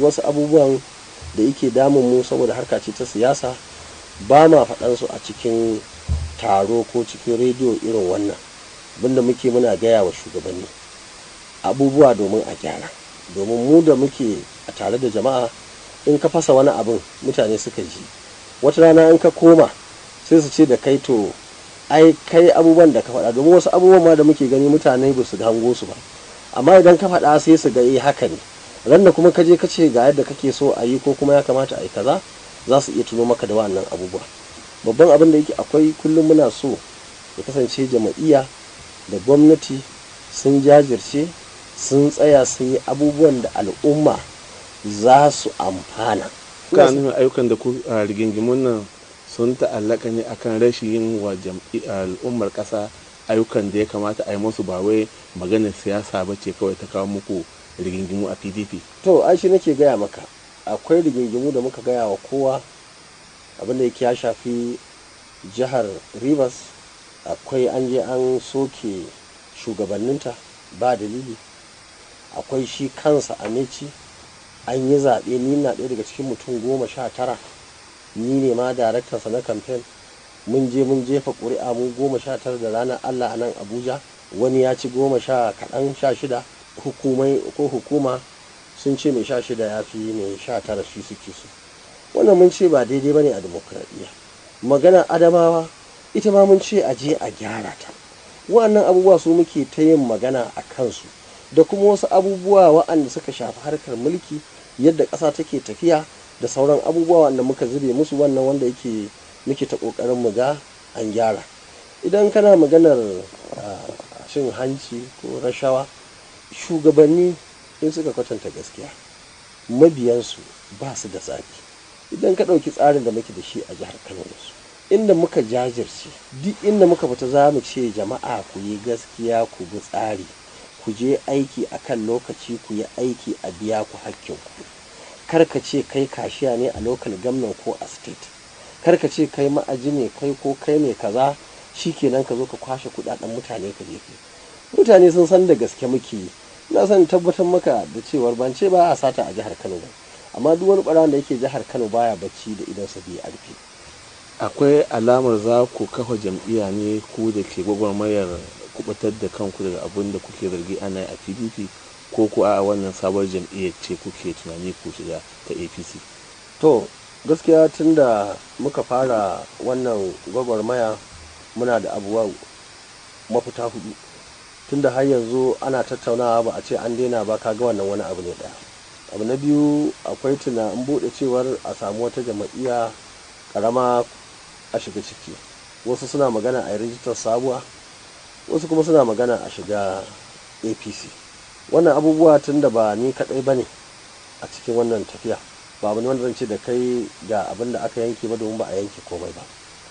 wasu abubuwan da yake damun mu saboda harka ce ta siyasa ba ma faɗan su a cikin taro ko cikin rediyo irin wannan abinda muke muna gaya wa shugabanni abubuwa domin a gyara domin mu da muke a tare da jama'a in ka fasa wani abin mutane suka ji wata rana in ka koma sai su ce da kai to ai kai abubuwan da ka faɗa domin wasu abubuwan ma da muke gani mutane ba su hango su ba amma idan ka faɗa sai su ga eh haka ne ran kuma kaje kace ga yadda kake so a yi ko kuma ya kamata a yi kaza za su iya tuno maka da wannan abubuwa babban abin da yake akwai kullum muna so ya kasance jama'iyya da gwamnati sun jajirce sun tsaya sun yi abubuwan da al'umma za su amfana ka nuna ayyukan da ku rigingimun nan sun ta'allaka ne akan rashin yin wa al'ummar ƙasa ayyukan da ya kamata a yi musu ba wai maganar siyasa ba ce kawai ta kawo muku rigingimu a pdp to ai shi nake gaya maka akwai rigingimu da muka gaya wa kowa abinda yake ya shafi jihar rivers akwai an je an soke shugabanninta ba dalili akwai shi kansa a neci an yi zaɓe ni na ɗaya daga cikin mutum goma sha tara ni ne ma daraktansa na kamfen mun je mun jefa ƙuri'a mu goma sha tara da ranar allah a nan abuja wani ya ci goma sha kaɗan sha shida hukumai ko hukuma sun ce mai sha shida ya fi mai sha tara shi suke so wannan mun ce ba daidai ba ne a demokradiyya magana adamawa ita ma mun ce a je a gyara ta Wannan abubuwa su muke ta yin magana a kansu da kuma wasu abubuwa wa'anda suka shafi harkar mulki yadda ƙasa take tafiya da sauran abubuwa wanda muka zube musu wannan wanda yake muke ta ƙoƙarin mu ga an gyara idan kana maganar ah, cin hanci ko rashawa shugabanni in suka kwatanta gaskiya mabiyansu ba su da tsari idan ka ɗauki tsarin da muke da shi a jihar kano yanzu inda muka jajirce duk inda muka fita za mu ce jama'a ku yi gaskiya ku bi tsari ku je aiki a kan lokaci ku yi aiki a biya ku hakkin ku karka ce kai kashiya ne a lokal gamnan ko a state karka ce kai ma'aji ne kai ko kai ne kaza shikenan ka zo ka kwashe kudaden mutane ka jefe mutane sun san da gaske muke na san tabbatar maka da cewar ban ce ba a sata a jihar kano ba amma duk wani barawan da yake jihar kano baya bacci da idan sa biyu arfi akwai alamar za ku kafa jam'iyya ne ku da ke gwagwarmayar kubutar da kanku daga abin da kuke zargi ana a pdp ko ku a wannan sabon jam'iyyar ce kuke tunani ku shiga ta apc to gaskiya tun da muka fara wannan gwagwarmaya muna da abubuwa mafita hudu tun da har yanzu ana tattaunawa ba a ce an daina ba kaga wannan wani abu ne daya abu na biyu akwai tunanin bude cewar a samu wata jama'iyya karama a shiga ciki wasu suna magana a rijistar sabuwa wasu kuma suna magana a shiga apc wannan abubuwa tun da ba ni kadai ba ne a cikin wannan tafiya ba abu ne wanda zan ce da kai ga abin da aka yanke ba domin ba a yanke komai ba